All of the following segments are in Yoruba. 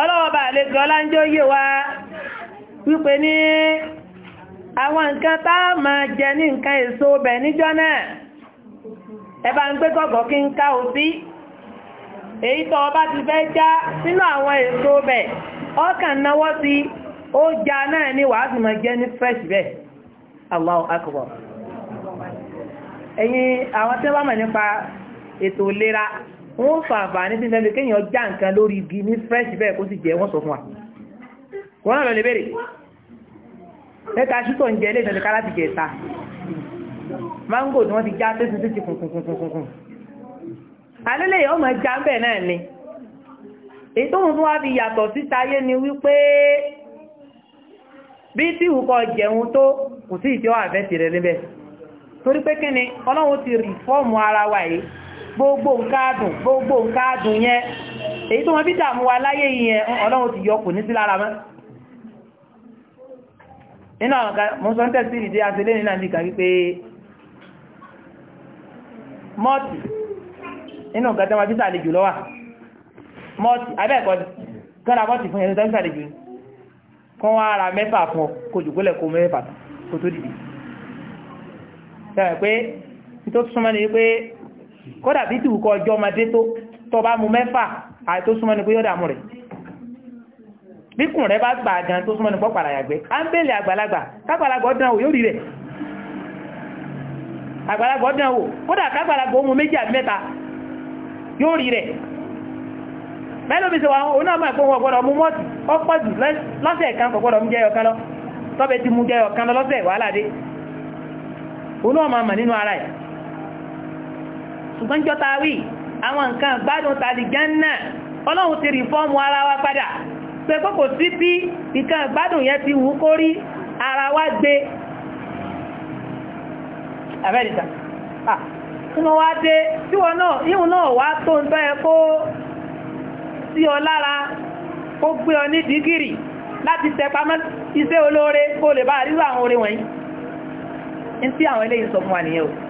ọlọ́wọ́bà lè gọ́lá ń wípé ní àwọn nǹkan tá ma jẹ ní nǹkan èso bẹ̀ níjọ́ náà ẹba ń gbé gọ́gọ́ kí ń ká o sí èyí tọ́ ọba ti fẹ́ já nínú àwọn èso bẹ̀ ọkàn náwọ́ sí ó já náà ní ma jẹ ní fresh bẹ̀ wọ́n fa àǹfààní sí ìfẹ́ kéèyàn já nǹkan lórí igi ní fresh bẹ́ẹ̀ kó sì jẹ́ wọ́n sọ fún wa wọ́n náà lọ lè béèrè lẹ́ta ṣútọ̀ ń jẹ ilé ìtẹ̀lẹ̀ kára ti jẹ ìta mángò ni wọ́n ti já tẹ́sí sí kùnkùnkùnkùn alẹ́lẹ́ yìí ọmọ ẹja ń náà ni èyí tó mú fún wa fi yàtọ̀ síta ayé ni wípé bí tí ìwùkọ jẹun tó kò sí ìtẹ́wà àfẹ́ tìrẹ níbẹ̀ torí pé kíni ọlọ́run ti rìfọ́ọ̀mù ara wa yìí gbogbo nǹkan adùn gbogbo nǹkan adùn yẹn èyí tó wọ́n bí dàmú wa láyé yẹn ọlọ́run ti yọ kò ní sí lára mọ́ nínú àwọn kan mo sọ ń tẹ̀sí ìdí àtẹlé nínú àmì ìkà wípé mọ́ọ̀tì nínú nǹkan tí wọ́n fi sàlejò lọ́wà mọ́ọ̀tì abẹ́ẹ̀kọ́ kọ́ra mọ́ọ̀tì fún ẹni tó fi sàlejò ni kọ́ wá ara mẹ́fà fún ọ kò jùgbólẹ̀ kó mẹ́fà kó tó dìde. sẹ́wọ̀n pé nítorí súnmọ́ kódà bí tìwù kọ ọjọ́ ọmọdé tó tọ bá mu mẹ́fà àti tó súnmọ́ ni pé yọ́dà mú rẹ̀ bí kùn rẹ̀ bá gbà gan tó súnmọ́ ni pọ́ pàrà yàgbẹ́ à ń bèèlè àgbàlagbà kágbàlagbà ọdún àwò yóò rí rẹ̀ àgbàlagbà ọdún àwò kódà kágbàlagbà ọmọ méjì àti mẹ́ta yóò rí rẹ̀ mẹ́lòmí ṣe wà ó náà ara ẹ̀ ṣùgbọ́n jọta wí àwọn nǹkan gbádùn tàbí jẹ́nà ọlọ́run ti rí fọ́ọ̀mù ara wa padà pé kókò sí bí nǹkan gbádùn yẹn ti wù kó rí ara wa gbé amẹ́ríkà ọmọ wa dé tí wọn náà ihun náà wá tó ń tọ́ ẹ kó sí ọ lára kó gbé ọ ní dìgírì láti tẹpamọ́ iṣẹ́ olóore kó lè bá àríwá àwọn oore wọ̀nyí ní tí àwọn eléyìí sọ fún wa nìyẹn o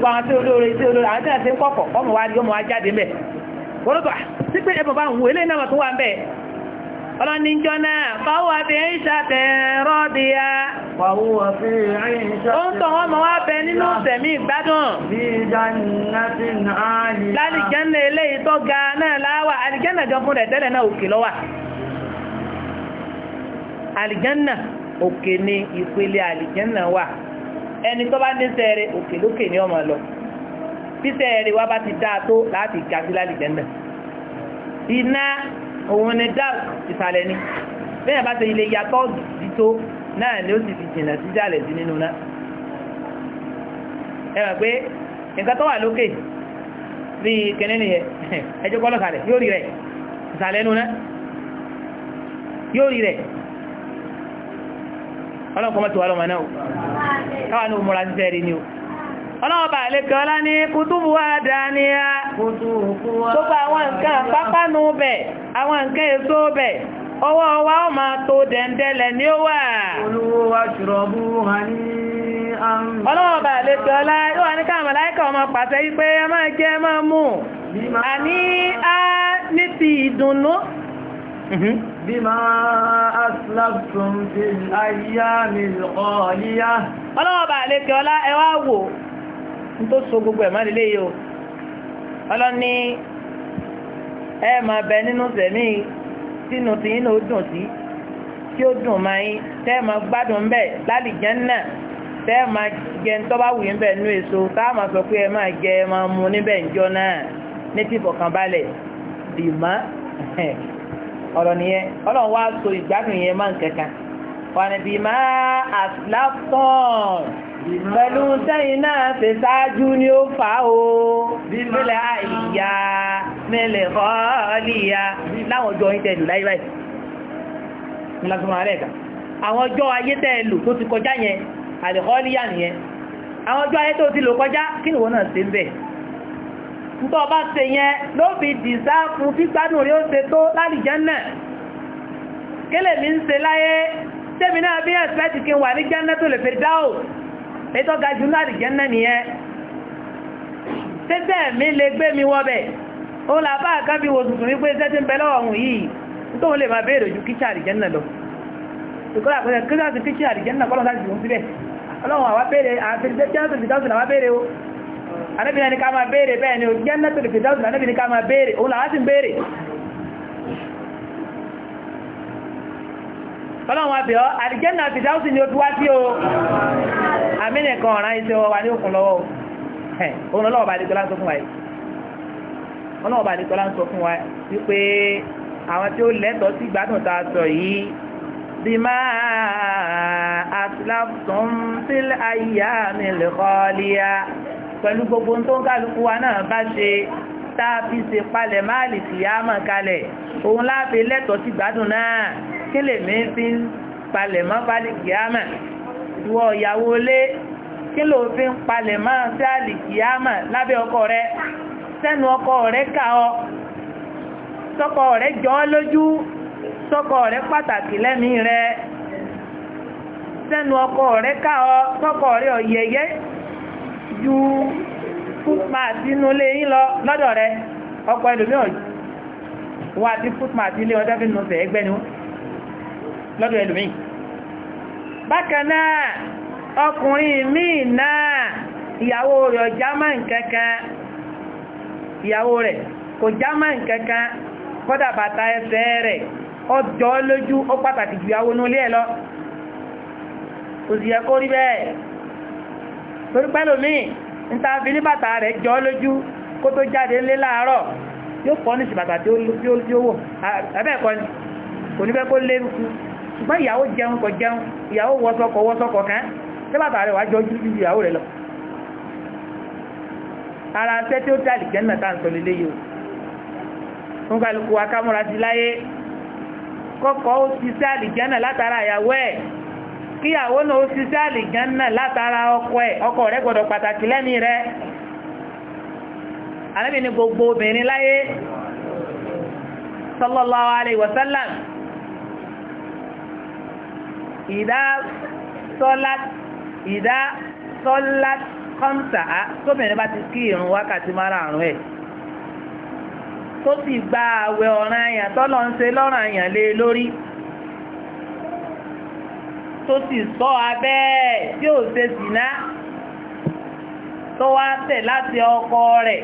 gbogbo àwọn tí olóore tí olóore àwọn tí ń kọ̀kọ̀ ọmọ wa ni ọmọ wa jáde mẹ́ wọ́lọ́gbà sí pé ẹbọ̀ bá ń wo ilé náà tó wà ń bẹ̀ ọlọ́nijọ́ náà fáwọ́ bí i ṣàtẹ̀ rọ́bíyá ó ń tọ̀ wọ́n mọ̀ wá bẹ ẹni tó bá ní sẹ́ẹ̀rẹ̀ òkè lókè ní ọmọ lọ bí sẹ́ẹ̀rẹ̀ wá bá ti dáa tó láti ga sí lálìjẹ́ náà iná òun ni dark ìsàlẹ̀ ni bẹ́ẹ̀ bá ti ilé yàtọ̀ dìtó náà ni ó sì fi jìnà sí jàlẹ̀ sí nínú náà ẹ mọ̀ pé nǹkan yóò rí rẹ̀ ìsàlẹ̀ nínú náà wà lọ́mọ náà káwà ní ni o ọlọ́ọ̀bà lẹ́kọ̀ọ́ lá ní kútùbù àdáníyà tó àwọn nǹkan pápánu bẹ̀ àwọn nǹkan èso bẹ̀ ọwọ́ wa ó máa tó dẹ̀ndẹ̀lẹ̀ ní ó wà Mhm. bima ma fil ayyamil khaliya ọlọ́wọ́ bá lè kẹ́ ọlá ẹwà wò ní tó so gbogbo ẹ ma bẹ nínú tẹ̀mí sínú tí yín dùn sí tí ó dùn máa yín tẹ́ máa gbádùn bẹ́ẹ̀ lálìjánnà tẹ́ máa jẹ ń tọ́ bá wù sọ pé ẹ máa jẹ níbẹ̀ náà ní ọ̀rọ̀ nìyẹn ọlọ́run wá so ìgbádùn yẹn máa ń kankan wànàbí máa àtìláfọ́n pẹ̀lú sẹ́yìn náà ṣe ṣáájú ni ó fà á o nílẹ̀ àìyá nílẹ̀ fọ́ọ̀lìyà láwọn ọjọ́ yín tẹ̀lù láyé báyìí nílásùnmọ́ ààrẹ ẹ̀ka àwọn ọjọ́ ayé tẹ̀lù tó ti kọjá yẹn àlẹ́kọ́ọ̀lìyà nìyẹn àwọn ọjọ́ ayé tó ti lò kọjá kí nìwọ náà tó bá ṣe yẹn ló fi dìsá fún fífánù rí ó ṣe tó lálìjánà kílè mi ń ṣe láyé tẹ́mi náà bí ẹ̀sẹ́tì kí wà ní jánà tó lè fi dáò ètò ga jù lálìjánà nìyẹn tẹ́tẹ́ mi lè gbé mi wọ́bẹ̀ ó làbá kan bí wòsùsù wípé iṣẹ́ ti ń bẹ lọ́wọ́ òun yìí tó lè máa béèrè ju kíṣà àlìjánà lọ ìkọ́lá àpẹẹrẹ kíṣà àlìjánà kọ́lọ́ anábì náà ní ká máa béèrè ni ó Jannatul Firdaus anábì ní ká máa béèrè òun làwọn sì ń béèrè ọlọ́run àbẹ̀ ọ́ àdìjẹ́nà Firdaus ni ó fi wá sí o àmìnìkan ọ̀ràn iṣẹ́ wa ní òkun lọ́wọ́ òun ọlọ́ọ̀bà àdìjọ́lá ń sọ fún wa yìí ọlọ́ọ̀bà àdìjọ́lá ń sọ fún wa wípé àwọn tí ó lẹ́tọ̀ọ́ sí ìgbádùn tá a sọ yìí bima aslaftum fil ayyamil khaliya pẹ̀lú gbogbo tó ń kálukú wa náà bá ṣe tá a fi ṣe palẹ̀ máàlì fìyàmọ̀ kalẹ̀ òun láàfin lẹ́tọ̀ọ́ sí gbádùn náà kí lèmi fi ń palẹ̀ mọ́ fálì fìyàmọ̀ ìwọ ìyàwó lé kí ló fi ń palẹ̀ mọ́ sí àlì fìyàmọ̀ lábẹ́ ọkọ rẹ sẹ́nu ọkọ rẹ kà ọ sọ́kọ rẹ jọ ọ́ lójú sọ́kọ rẹ pàtàkì lẹ́mìí rẹ sẹ́nu ọkọ rẹ kà ọ sọ́kọ rẹ ọ̀yẹ̀yẹ́ ju footmat inú lé yín lọ lọ́dọ̀ rẹ ọkọ̀ ẹlòmíràn wà ní footmat ilé ọjọ́ fi nù sẹ̀ ẹgbẹ́ ni lọ́dọ̀ ẹlòmíì bákan náà ọkùnrin míì náà ìyàwó rẹ̀ ọjá kankan ìyàwó rẹ̀ kò já kankan kọ́dà bàtà ẹsẹ̀ rẹ̀ ọjọ́ lójú ó pàtàkì ju ìyàwó torí pẹ́lú míì níta fi ní bàtà rẹ̀ jọ lójú kó tó jáde lé láàárọ̀ yóò pọ̀ ní ìsìbàtà tí ó wò abẹ́ẹ̀kọ́ ni kò ní fẹ́ kó lé rúkú ṣùgbọ́n ìyàwó jẹun kò jẹun ìyàwó wọ́sọkọ̀ kan tí bàtà rẹ̀ wá jọ ojú ìyàwó rẹ̀ lọ ara ṣẹ́ tí ó tẹ́ àlìjẹ́ náà tá à ń sọ lélẹ́ yìí o fún kálukú kíyàwó náà ó ṣiṣẹ́ àlìjánná látara ọkọ ẹ̀ ọkọ rẹ̀ gbọ́dọ̀ pàtàkì lẹ́ni rẹ̀ gbogbo obìnrin láyé sallallahu alayhi wa sallam ìdá tóbìnrin bá ti kí ìrun wákàtí márààrún ẹ̀ tó sì gba àwẹ̀ ọ̀ranyàn tọ́lọ́ ń ṣe lé tó sì sọ abẹ́ tí ò ṣe sìná tó wá tẹ̀ láti ọkọ rẹ̀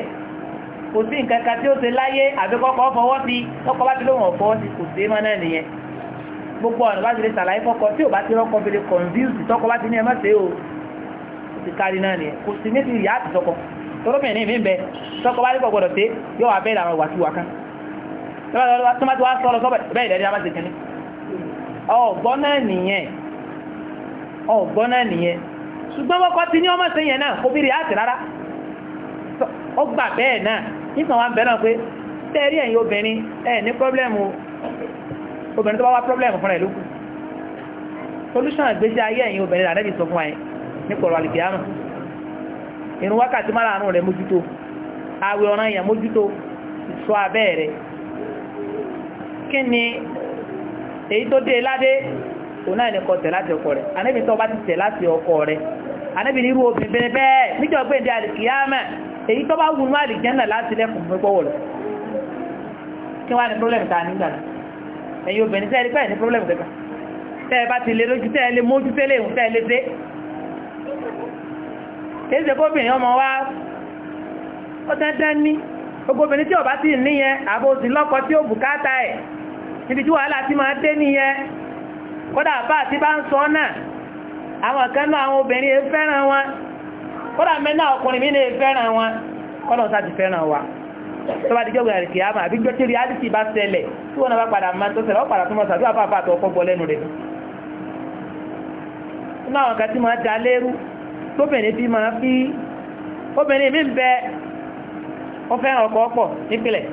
kò sí nǹkan kan tí ó ṣe láyé àbíkọ́kọ́ fọwọ́ sí tọ́kọ bá ti lóhùn ọ̀fọ́ sí kò sí mọ́ náà nìyẹn gbogbo ọ̀nà bá ti lè ṣàlàyé fọ́kọ tí ò bá ti rọ́kọ fi lè confuse tọ́kọ bá ti ní ẹmọ́ sí o ti kárí náà nìyẹn kò sí méjì ìyá àti tọ́kọ tọ́lọ́mìnì mi bẹ tọ́kọ bá nípa gbọ́dọ̀ sí yóò wà bẹ́ẹ̀ làwọn ìwàkiwà kan tọ́lọ́mìnì wá sọ́lọ́ sọ́bẹ̀ bẹ́ẹ̀ lẹ́ni ọ̀gbọ́n náà nìyẹn ṣùgbọ́n wọ́kọ́ ti ní ọmọ sẹ́yìn náà kò bírí àti rárá ó gbà bẹ́ẹ̀ náà nígbà wọn bẹ̀rẹ̀ pé tẹ́rí ẹ̀yin obìnrin ẹ̀ ní pọ́blẹ́mù obìnrin tó bá wá pọ́blẹ́mù ayé obìnrin sọ fún irun wákàtí mójútó ọ̀ràn òun náà ní kọ tẹ̀ láti ọkọ rẹ̀ anábì tó bá ti tẹ̀ láti ọkọ rẹ̀ anábì ní irú obìnrin bẹ́ẹ̀ níjọ́ pé ní alìkìyàmà èyí tó bá wù ní àlìjẹ́nà láti lẹ́kùn fún gbọ́wọ́ rẹ̀ kí wá ní pírọ́lẹ̀mù ta nígbà ẹ̀yin obìnrin tẹ́ẹ̀ pẹ́ẹ̀ ní pírọ́lẹ̀mù kẹta tẹ́ẹ̀ bá ti lè wa ó níbi tí wàhálà ti máa dé kódà bá àti bá ń sọ náà àwọn kan náà àwọn obìnrin èé fẹ́ràn wọn kódà mẹ́nà ọkùnrin mi náà fẹ́ràn wọn kọ́nà sáà ti fẹ́ràn wa tó bá di jọ́gbìn àrìkì àmà àbí jọ́ tí reality bá ṣẹlẹ̀ tí wọ́n náà bá padà máa tó ṣẹlẹ̀ ó padà tó mọ́ sàdúrà fàfà àtọ̀ ọkọ̀ gbọ́ lẹ́nu rẹ̀ nínú àwọn kan tí máa da lérú tóbìnrin bí máa fi obìnrin mi ń bẹ ó fẹ́ràn ọkọ ọ̀pọ̀ nípìnlẹ̀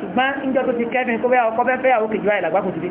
ṣùgbọ́n ń jọ tó ti kẹ́fìn kó bẹ́ ọkọ fẹ́ fẹ́ àwọn kejì wáyé làgbákùn ti dé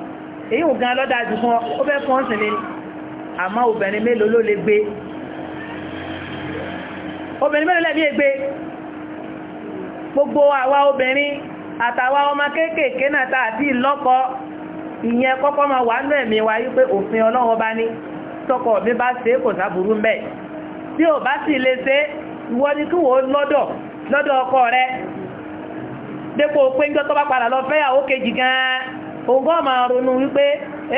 èyí ò gan lọ́dà jù fún ọ fẹ́ fún ni àmọ́ obìnrin mélòó ló lè gbé obìnrin mélòó lẹ́bí ègbé gbogbo àwa obìnrin atawa ọmọ kéékèèké náà tàà tí lọ́kọ ìyẹn kọ́kọ́ máa wà wa yi òfin ọlọ́wọ́ bá ní tọkọ mi bá ṣe kò tí ò bá sì lè ìwọ ni kí wò lọ́dọ̀ lọ́dọ̀ ọkọ rẹ dépò pé ń jọ́ bá padà lọ fẹ́yàwó ògbọ́n máa ronú wípé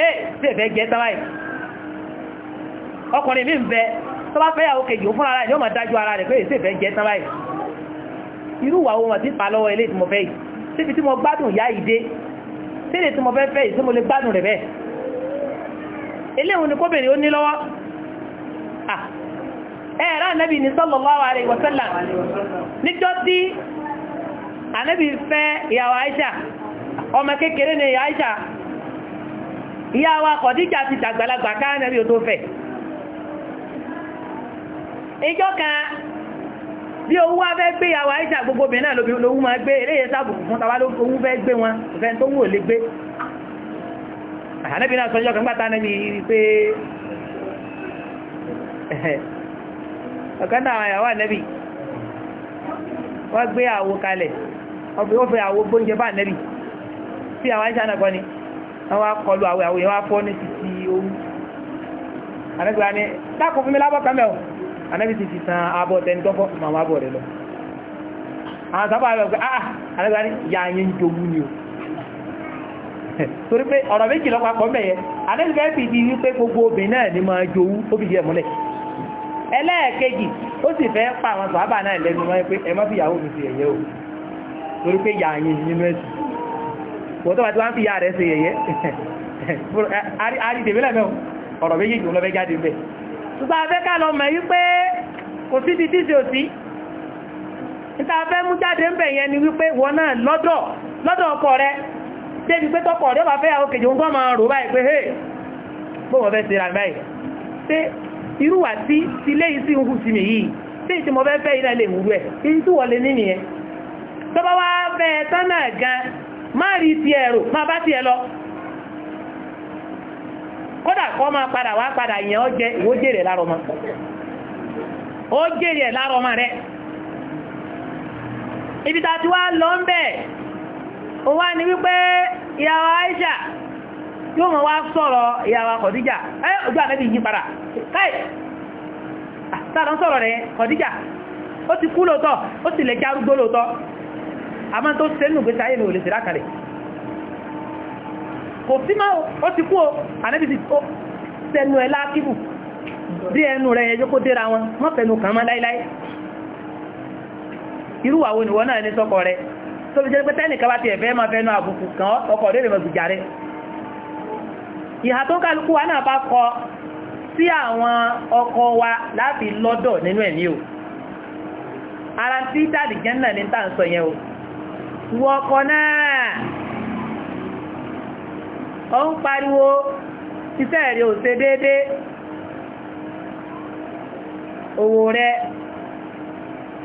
ẹ́ sí ẹ̀fẹ́ jẹ́ tàbáì ọkùnrin mi ń bẹ tó bá fẹ́ kejì fún ara yóò máa dájú ara rẹ̀ pé sí ẹ̀fẹ́ jẹ́ tàbáì irú wà wọn ti pa lọ́wọ́ ilé tí mo fẹ́ yìí tí mo gbádùn ìyá ìdé tí ilé tí mo fẹ́ fẹ́ yìí tí mo lè gbádùn rẹ̀ bẹ́ẹ̀ ilé òun ni kóbìnrin ó ní lọ́wọ́ ẹ̀rá ànábì ní sallallahu ọmọ kékeré ni Àìṣà ìyá wa Kọ̀díjà ti dàgbàlagbà káànàbí o tó fẹ̀ ìjọ kan bí owó wá fẹ́ gbé ìyàwó Àìṣà gbogbo obìnrin náà lóbi lówó ma gbé eléyẹ sábùkù fún tàbá lówó fẹ́ gbé wọn ìfẹ́ tó wù ò gbé ànábì náà sọ́jọ́ kan gbátá níbi pé àwọn sí àwọn aṣíṣà náà ni wọ́n wá kọlu àwẹ̀ àwẹ̀ wá fọ́ ní títí ooru ànábì wa ní dákò fún mi lábọ́ kàmẹ́ o ànábì ti fi san abọ́ tẹni tó fọ́ màmá abọ́ rẹ lọ àwọn sábà rẹ̀ ah, ah. o torí pé ọ̀rọ̀ méjì lọ́pàá pọ̀ mẹ́yẹ ẹlẹ́ẹ̀kejì ó sì fẹ́ pa sọ̀hábà náà lẹ́nu wọn pé ẹ fi ìyàwó mi sí ẹ̀yẹ o torí yàáyìn nínú ẹ̀sìn wọ́tọ́ àti wọ́n fi yà rẹ̀ ṣe yẹ̀yẹ́ àrídèmílẹ̀ mẹ́wọ̀n ọ̀rọ̀ méjèèjì òun lọ́fẹ́ jáde bẹ́ẹ̀ ṣùgbọ́n afẹ́ ká lọ mọ̀ yí pé kò sí ti tíṣe òsí níta afẹ́ mú jáde ń bẹ̀ yẹn ni wípé wọn náà lọ́dọ̀ lọ́dọ̀ ọkọ rẹ débi pé tọkọ rẹ bá fẹ́ yàwó kejì òun kọ́ máa rò báyìí pé hé bó wọ́n fẹ́ ṣe náà lè wúrú ẹ̀ ibi tí gan má rí ti ẹ̀rò má bá ti ẹ lọ kódà kọ́ máa padà wá padà yẹn ó jẹ ìwó jèrè lárọ ma ó jèrè ẹ̀ lárọ ma rẹ ibi ta ti wá lọ ń bẹ̀ ó wá ní wípé ìyàwó Aisha yóò mọ̀ wá sọ̀rọ̀ ìyàwó Khadija ẹ́ ojú àmẹ́bí yí padà káì tààdán sọ̀rọ̀ rẹ̀ Khadija ó ti kú lóòtọ́ ó sì lè járúgbó lóòtọ́ a máa tó sẹ́nu gbé sáyé ní olèsìrá kalẹ̀ kò sí máa ó ti kú o ànábì ti tó sẹ́nu ẹ̀ láàkíbù dí ẹnu rẹ̀ ẹjọ́ kó déra wọn wọ́n fẹ̀nu kàn máa láíláí irú ni nìwọ náà ní sọ́kọ rẹ̀ tó fi jẹ́ pé tẹ́nìkan bá ti ẹ̀fẹ́ máa wa náà bá kọ sí àwọn ọkọ wa láti lọ́dọ̀ nínú ara tí dáàdì jẹ́ náà ní tàǹsọ̀ yẹn o ìwọ ọkọ̀ náà ọ ń pariwo iṣẹ́ rẹ̀ owó rẹ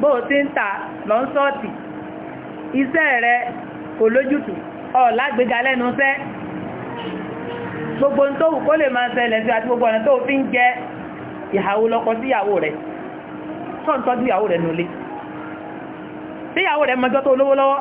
bó ti ń lọ ń sọ́ọ̀tì iṣẹ́ kò lójútù ọ̀ gbogbo tó wù kó lè máa ṣẹlẹ̀ sí àti gbogbo ọ̀nà tó fi ń jẹ ìhàwó lọ́kọ sí ìyàwó rẹ̀ ntọ ìyàwó rẹ̀ nulẹ̀ sí ìyàwó rẹ̀ mọjọ́ tó lówó lọ́wọ́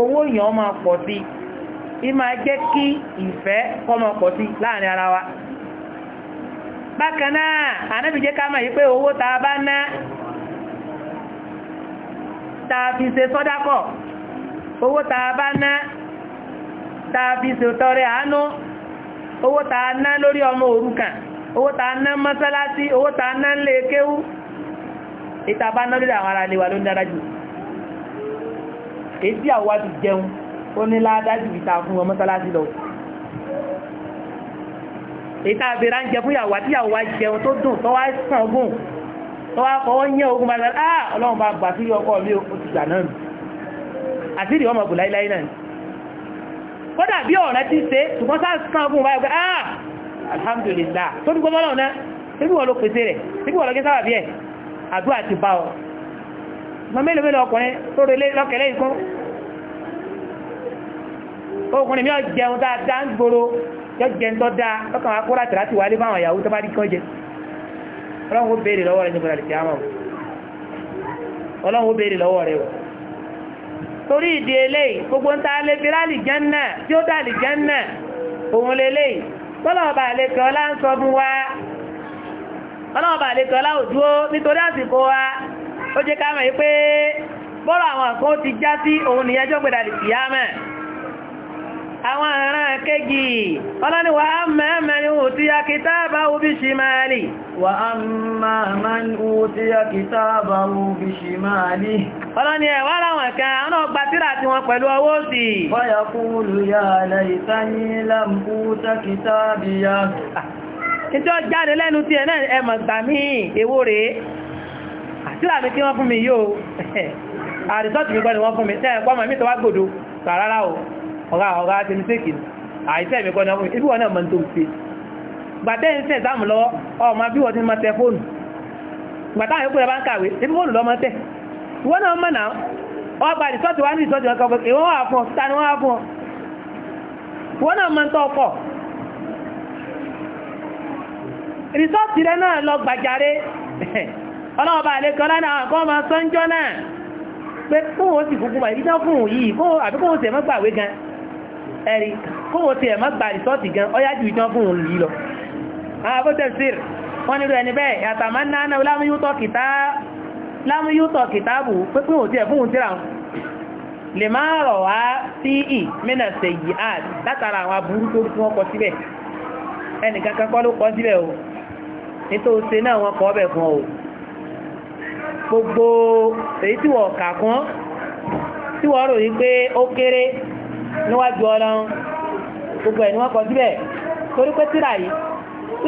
owó èèyàn ọmọ pọ̀ sí i máa jẹ́ kí ìfẹ́ pọ̀ sí láàrin ara wa Bákaná náà ká yí owó bá ná sọ́dákọ̀ owó tá bá ná fi tọrẹ àánú owó tá ná lórí ọmọ òrukàn owó tá ná mọ́sálásí owó tá ná lè kéwú lórí àwọn èsì àwọ́ ti jẹun ó ní ládájú ìta fún ọmọ mọ́sálásí lọ èyí tá a bèèrè ń jẹ fún yàwó àti yàwó wa jẹun tó dùn tó wá sàn ogún tó wá fọwọ́ yẹ ogun bàbá ah ọlọ́run bá gbà sírí ọkọ mi ó ti gbà náà nù àṣírí ọmọ bù láíláí náà kódà bí ọ̀rẹ́ ti ṣe ṣùgbọ́n sáà sàn ogún báyìí pé ah alhamdulillah tó dúpọ́ mọ́lọ́ náà síbí wọ́n ló pèsè rẹ̀ síbí wọ́n lọ gé sábà bí ẹ̀ àdúrà ti bá ọ mọ mélòó mélòó ọkùnrin tó relé lọ́kẹ̀lẹ́ ikú ọkùnrin mi ò jẹun dáadáa ń gbòòrò yọ jẹun tó dáa lọ́kàn wá kó láti láti wálé fáwọn ìyàwó tó bá rí kán jẹ ọlọ́run ó béèrè lọ́wọ́ rẹ̀ nígbà lè fi àmọ́ ọlọ́run ó béèrè lọ́wọ́ rẹ̀ o torí ìdí eléyìí gbogbo ń ta lè fi láàlì jẹ́nà tí ó dà lè jẹ́nà òun lélẹ́yìí tọ́lọ̀ọ̀bà àlekọ̀ọ́lá ń sọ fún wa ọlọ́ọ̀bà àlekọ̀ọ́lá ò nítorí àsìkò wa ó jẹ́ ká mọ̀ pé bọ́rọ̀ àwọn kan ti já sí òun nìyẹjọ́ gbẹ̀dà lè fi yámẹ̀ àwọn aràn kéjì ọlọ́ni wà á mẹ́mẹ́rin ò tí a kìtà bá wo bí ṣe máa wà á mẹ́mẹ́rin ò tí a kìtà bá wo bí ṣe máa lè ọlọ́ni láwọn àtílà mi tí wọ́n fún mi yóò àdìsọ́tì mi gbọ́ni wọ́n fún mi tẹ́ ẹ̀kọ́ mọ̀ mí tó wá gbòdó rárá o ọ̀gá ọ̀gá ti ní séèkì àìsẹ́ mi gbọ́ni wọ́n fún mi ibi wọn náà mọ̀ tó ṣe gbàtẹ́ ń sẹ̀ sáàmù lọ́wọ́ ọmọ bí wọ́n ti máa tẹ fóònù gbàtà àwọn ìpínlẹ̀ bá ń kàwé ibi fóònù lọ́mọ tẹ̀ ìwọ́n náà mọ̀ náà wọ́n gba àdìsọ́tì wá ní ìsọ́tì ọkọ̀ pé ìwọ́n wà fún ọ ta ni wọ́n wà fún ọ ìwọ́n náà mọ̀ ń tọ́ ọkọ̀ rìsọ́ọ̀tì rẹ náà lọ gbàjáre ọlọ́ọ̀bà àlekọ́ lánàá àwọn kan máa sọ́njọ́ náà pé fún òun sì kúkú màá ìdíjọ́ fún òun yìí àbí kóhun sì ẹ̀mọ́ gan ẹ̀rí kóhun sì ẹ̀mọ́ rìsọ́ọ̀tì gan ọyá ju ìjọ́ fún òun yìí lọ. àwọn abótẹ́ kọ́ ló kọ síbẹ̀ o nítorí ṣe náà wọ́n kọ́ ọbẹ̀ fún ọ gbogbo èyí tí wọ́n kà kún tí wọ́n rò yí pé ó kéré níwájú ọlọ́run gbogbo ẹ̀ ni wọ́n kọ síbẹ̀ torí pé tíra yìí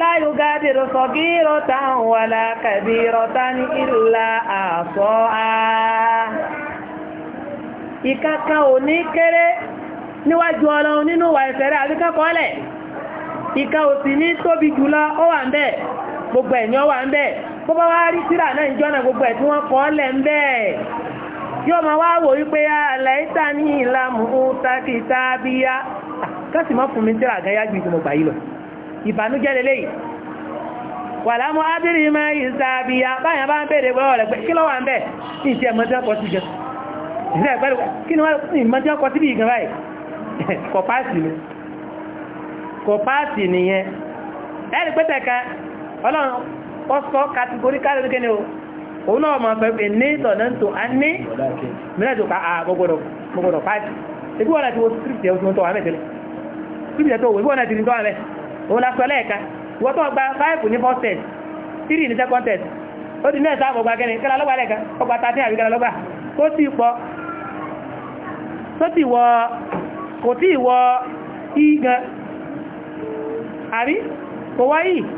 láyò gádìrò sọ kí rọta ń wà lákàbí rọta ní ìlà àṣọ a ìkankan ò ní kéré níwájú ọlọ́run nínú wà ìfẹ́rẹ́ àbíkẹ́kọ́ọ́lẹ̀ ìkan ò sì ní tóbi jùlọ ó wà ń bẹ̀ gbogbo ẹ̀ ni ó wà ń bẹ̀ bó bá wá rí tíra gbogbo ẹ̀ tí wọ́n kọ́ lẹ̀ ń bẹ́ẹ̀ yóò máa wá wò wípé àlẹ́ ìta ní ìlàmù tàbí tábíyá kásì fún mi tíra àgáyá ju ìtumọ̀ gbà yìí lọ ìbànújẹ́ lélẹ́yìí wà lámú ábírí máa yìí sábíyá báyà bá ń bèèrè pé ọ̀rẹ́ pé kí ló ń ọsọ kàtìgóríkálẹ̀ ní kíni o òun náà ma fẹ́ pé ní ìtọ̀nà tó a ní mílẹ̀ tó ká ah, àgbọ̀gbọ̀dọ̀ pàdé ibi wọn láti wo script ẹ̀ tó wà mẹ́tẹ̀lẹ̀ script ẹ̀ tó wò ibi wọn láti rí tó wà mẹ́ òun lásọ lẹ́ẹ̀ka wọ́n tó gba 5 ní first test 3 ní second test ó di mẹ́ẹ̀sá àgbọ̀gbà kẹ́ni kẹ́lá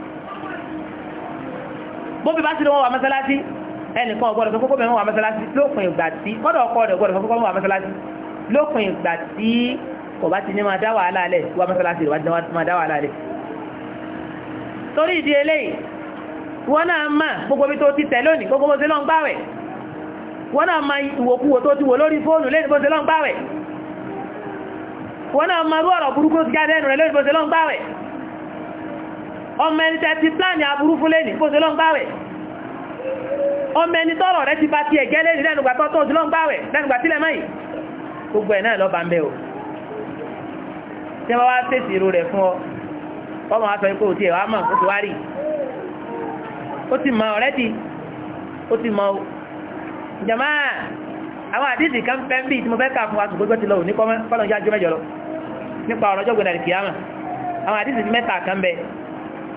bóbi bá ti lọ́wọ́ wà mọ́sálásí ẹnìkan ọgbọ́dọ̀ fún kókó mẹ́rin wà mọ́sálásí lópin ìgbà tí kọ́dọ̀ ọkọ rẹ̀ ọgbọ́dọ̀ fún kókó wà mọ́sálásí lópin ìgbà tí kò bá ti ní máa dá wàhálà lẹ̀ wà rẹ̀ máa dá wàhálà torí ìdí eléyìí wọ́n náà mà gbogbo bí tó ti tẹ̀ lónìí gbogbo bó ṣe lọ́n ma ìwòkúwò ti wò lórí fóònù lẹ́ni bó ṣe lọ́n gbáwẹ̀ wọ́n náà ma rú ọ̀rọ̀ burúkú lọ́n gbáwẹ̀ ọmọ ẹni tẹ́ ti pláàni aburú fún lẹ́ni kó sílọ́n gbáwẹ̀ ọmọ ẹni tọ́rọ̀ rẹ ti bá ti ẹ̀gẹ́ lẹ́ni lẹ́nugbà tó tó sílọ́n gbáwẹ̀ lẹ́nugbà sílẹ̀ mẹ́yìn gbogbo ẹ̀ náà lọ́ba ń bẹ́ o tí wọ́n jama àwọn àdìsí kan mo fẹ́ kà fún wa ṣùgbọ́n ti lọ òní kọ́lọ́ nípa ọ̀rọ̀ ọjọ́ gbẹ̀dẹ̀ kìámà àwọn àdìsí mẹ́ta kan bẹ́ẹ̀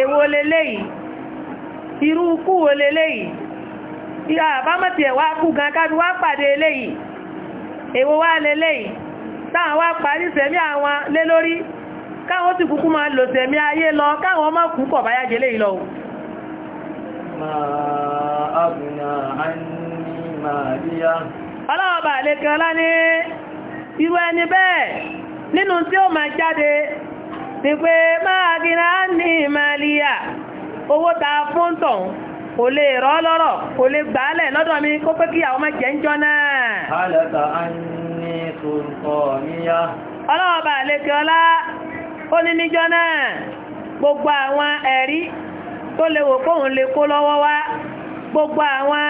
ewo leléyìí irú kú wo leléyìí ìyá àbámọ̀tì ẹ̀ wá kú gan kábi wá pàdé eléyìí èwo wá leléyìí táwọn wa parí sẹ̀mí àwọn lé lórí káwọn sì kúkú lò sẹ̀mí ayé lọ káwọn ọmọ kú kọ̀ báyá jẹ́ léyìí lọ ọlọ́ọ̀bà lẹ́kẹ́ ala ní irú ẹni bẹ́ẹ̀ nínú tí ó máa jáde ti pe ma gina ma. máàlíyà owó ta fún tọ̀n kò lè rọ́ lọ́rọ̀ kò lè gbàálẹ̀ lọ́dọ̀ mi kó pé kí àwọn ọmọ ń jọ náà. hálàtà á ọlá gbogbo àwọn ẹ̀rí tó lè wò kóhun lè kó lọ́wọ́ gbogbo àwọn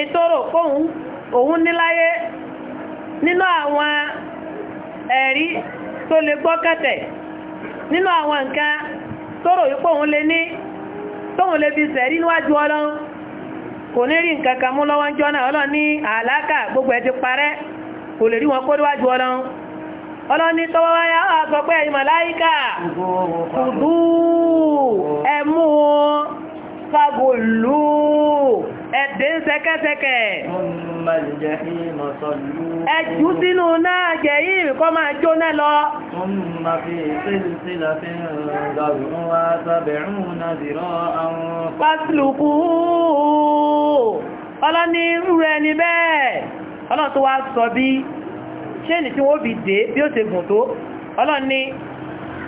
ìtòrò kóhun òun níláyé nínú àwọn ẹ̀rí tó lè gbọ́kẹ̀tẹ̀ nínú àwọn tóró ipò òun lè ní tóun lè fi sẹ̀rí níwájú ọlọ́run kò ní rí nǹkan kan mú lọ́wọ́ ń jọ́nà ọlọ́run ní àlákà gbogbo ẹ̀ ti parẹ́ kò lè rí wọn kó níwájú ọlọ́run ọlọ́run sẹ́kẹ́sẹ́kẹ́ ẹjù sínú náà jẹ́ yìí kọ́ máa jóná lọ pàtìlùkú ọlọ́ni rúrẹ ni bẹ́ẹ̀ ọlọ́n tó wá sọ bí ṣéènì tí wọ́n fi dé bí ó ṣe gùn tó ọlọ́ni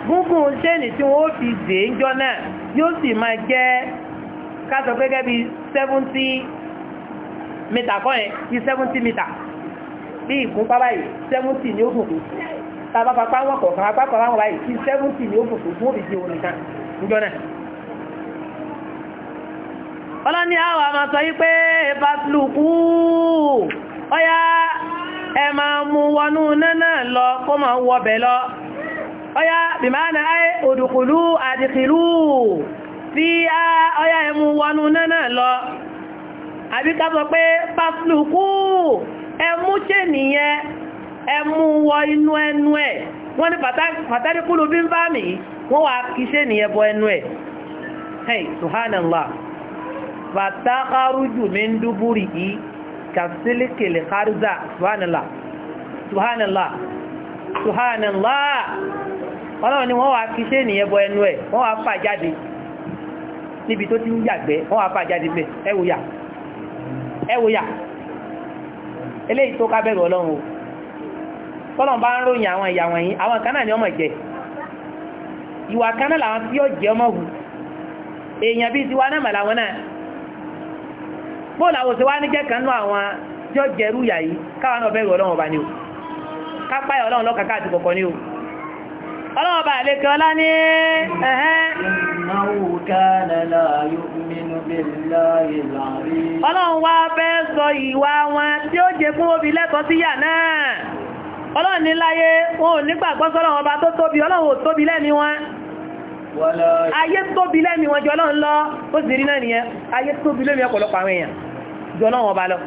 gúngùn ṣéènì tí wọ́n fi dé ń jọ náà yóò sì máa jẹ́ ká sọ gẹ́gẹ́ bí 70 mítà kọ́ yẹn bí seventy mítà bí ìkún pápá yìí seventy ni ó fò kú tàbá papá wọn kọ̀ọ̀kan apá kọ̀ọ̀kan wọn báyìí bí seventy ni ó fò kú fún òbí di òun nìkan níjọ náà. ọlọ́ni àwọn àmà sọ yí pé bàtìlùkù ọ̀yá ẹ máa mú wọnú náà lọ kó máa àbí ká sọ pé pàflùkú ẹmú ṣe nìyẹn ẹmú wọ inú ẹnu ẹ̀ wọ́n ní pàtàkùlù bí ń bá mi wọ́n wà kí ṣe nìyẹn bọ ẹnu ẹ̀ hey subhanallah fàtàkàrùjù mi ń dúbúrì yìí kàfílìkìlì kárùzà subhanallah subhanallah subhanallah ọlọ́run ni wọ́n wá kí ṣe nìyẹn bọ ẹnu ẹ̀ wọ́n fà jáde níbi tó ti ń yàgbẹ́ wọ́n wá fà jáde bẹ́ẹ̀ yà ẹwòyà eléyìí ka kábẹ̀rẹ̀ ọlọ́run o tọ́lọ̀ bá ń ròyìn àwọn ìyà wọ̀nyí àwọn kan ni ọmọ jẹ ìwà kan náà làwọn tí ó jẹ ọmọ hù èèyàn bíi tiwa náà màláwọn náà bóòlù àwọn òṣèwá ní jẹ́ kan náà àwọn tí ó jẹrú ọlọ́ọ̀bà àlekẹ́ ọlá ní ẹ̀hẹ́n ọlọ́run wá fẹ́ sọ ìwà wọn tí ó jẹ fún obì lẹ́kọ̀ọ́ sí yà náà ọlọ́run ní láyé wọn ò nígbàgbọ́ sọ́lọ́run ọba tó tóbi ọlọ́run ò tóbi lẹ́mi wọn ayé tóbi lẹ́mi wọn jọ ọlọ́run lọ ó sì rí náà nìyẹn ayé tóbi lẹ́mi ọ̀pọ̀lọpọ̀ àwọn èèyàn jọ ọlọ́run ọba lọ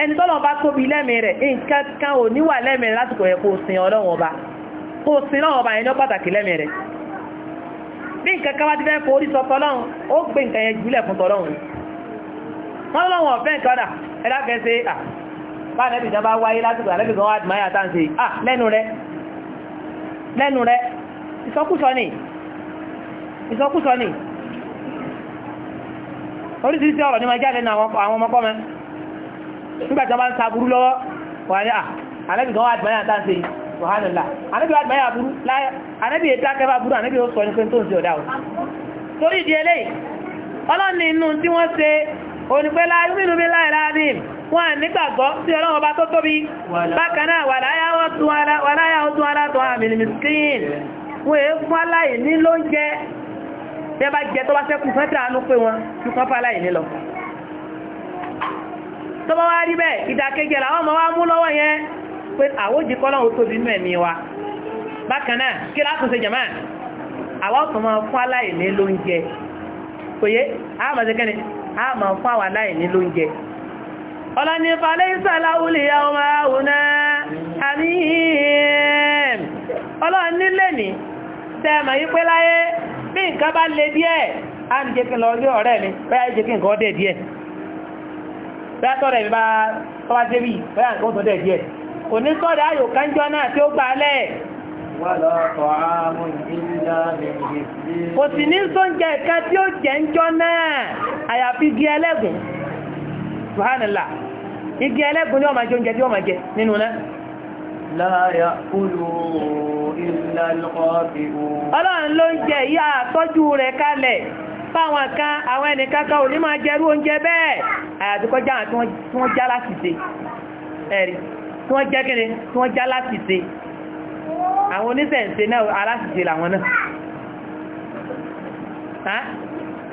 ẹni tọ́lọ́run bá tóbi lẹ́mi rẹ̀ nǹkan kan ò níwà lẹ́mi rẹ̀ lásìkò ẹ̀kọ́ òsìn ọlọ́run ọba kó sin náà ọba yẹn ní pàtàkì lẹ́mìí rẹ̀ bí nǹkan ká bá ti fẹ́ forí sọ tọ́lọ́run ó gbé nǹkan yẹn jùlẹ̀ fún tọ́lọ́run wọ́n lọ́wọ́ ọ̀fẹ́ ìkọ́dà ẹ̀láfẹ́ sí à bá nẹ́bì jọba wáyé lásìkò àlẹ́bì gan wá àdìmáyà tàà sí à lẹ́nu rẹ̀ lẹ́nu rẹ̀ ìsọkúsọ ni ìsọkúsọ ni oríṣiríṣi ọ̀rọ̀ ní ma jáde ní àwọn ọmọkọ́mẹ́ nígbàtí wọ́n bá ń sa burú lọ́wọ́ wà ní à àlẹ́bì gan wá àdìmáyà tàà subhanallah anábì wà gbáyà burú anábì ètò akẹ́bà burú anábì ó sọ ní pé tó ń ṣe ọ̀dá o torí ìdí eléyìí ọlọ́ni inú tí wọ́n ṣe onípẹ́lá nínú bí láìláàdì wọ́n nígbàgbọ́ sí ọlọ́run ọba tó tóbi bákanáà wà láyá ọdún alátọ́ àmìlìmìsín wọ́n èé fún aláì ní ló ń jẹ́ tẹ́ bá jẹ́ tó bá sẹ́kù fẹ́tà ánú pé wọn tí wọ́n fà láì nílọ tó bá wá rí bẹ́ẹ̀ ìdàkejì làwọn ọmọ wa mú lọ́wọ́ yẹn pé àwójì kọ́lọ́hún tóbi ẹ̀mí wa bákan kí látún ṣe jàmáà àwọn fún aláìní lóúnjẹ a máa ṣe kẹ́ni a fún àwọn aláìní lóúnjẹ ọlọ́ni falẹ́ ọlọ́ni lẹ́ni tẹ́ẹ̀mọ̀ yí pé bí bá lè jẹ́ kí bẹ́ẹ̀ jẹ́ kí díẹ̀ kò ní ayò kánjọ́ náà tí ó gbà lẹ̀ kò sì ní sóúnjẹ ẹ̀ka tí ó jẹ́ ń jọ náà àyàfi igi ẹlẹ́gùn igi ẹlẹ́gùn ní ọmọ jẹ oúnjẹ tí ọmọ jẹ nínú náà láyà kúrò ilẹ̀ ọlọ́run ló ń jẹ ìyá àtọ́jú rẹ̀ kalẹ̀ fáwọn kan àwọn ẹnìkan tí wọ́n jẹ́ kíni tí wọ́n já láti ṣe àwọn oníṣẹ̀ǹṣe náà aláṣìṣe làwọn náà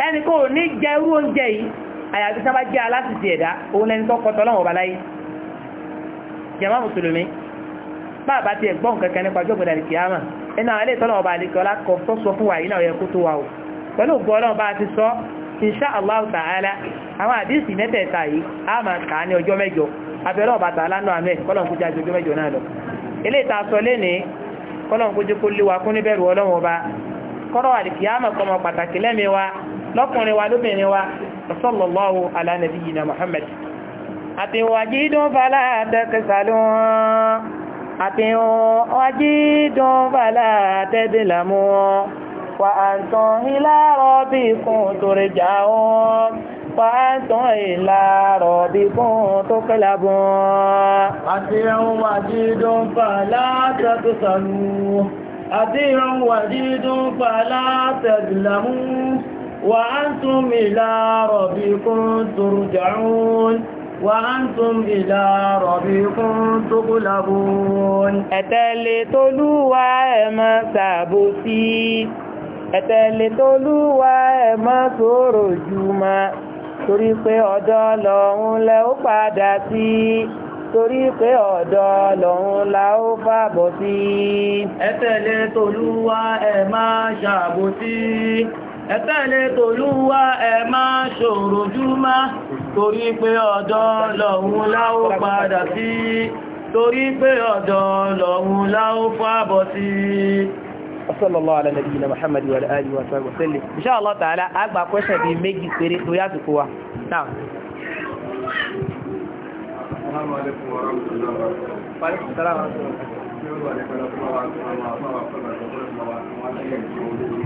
ẹni kò ní jẹ irú oúnjẹ yìí àyàfi sábà jẹ́ aláṣìṣe ẹ̀dá òun lẹni tó kọtọ lọ́wọ́ ọba láyé jàmá mùsùlùmí bàbá ti ẹ̀gbọ́n kankan nípa ọjọ́ gbọdọ̀ kìí àmà ẹnu àwọn ilé ìtọ́lọ́wọ́ ọba àlekẹ́ ọlá kọ tó sọ fún wa yìí náà yẹ kó tó wa o pẹ̀lú ògbọ́ ọlọ́wọ́ bá ti sọ insha Allah ta'ala àwọn àdísì mẹ́tẹ̀ẹ̀ta yìí a máa kà á ní ọjọ́ mẹ́jọ abẹ́rẹ́ ọ̀bàtà lánàá àmẹ́ kọ́lọ̀ kó jáde ojú mẹ́jọ náà lọ ilé ìta sọ lénìí kọ́lọ̀ kó jẹ́ kó léwa kún níbẹ̀rù ọlọ́run ọba wa lọ́kùnrin wa lóbìnrin wa sallallahu ala nabiyyina Muhammad àti wàjídùn fàlà tẹ́kẹsàlùn àti wàjídùn fàlà tẹ́dìlàmù wa antum ila rabbikum turja'un وأنتم إلى ربكم تقلبون أطيعوا وجيد فلا تتسلوا أطيعوا وجيد فلا تظلموا وأنتم إلى ربكم ترجعون وأنتم إلى ربكم تقلبون أتلي تلوى ما سابسي أتلي تلوى ما سرجما torí pé ọ̀dọ̀ lọ́hún lẹ ó padà sí torí pé ọ̀dọ̀ lọ́hún la ó fàbọ̀ sí. ẹ tẹ̀lé tòlúwa ẹ máa ṣàbò sí ẹ tẹ̀lé tòlúwa ẹ máa ṣòro júmá torí pé ọ̀dọ̀ lọ́hún la ó padà sí torí pé ọ̀dọ̀ lọ́hún la ó fàbọ̀ sí. وصلى الله على نبينا محمد وعلى اله وصحبه وسلم ان شاء الله تعالى اغبا كويشن بي ميجي سيري تو ياتو كو نعم السلام عليكم ورحمه الله وبركاته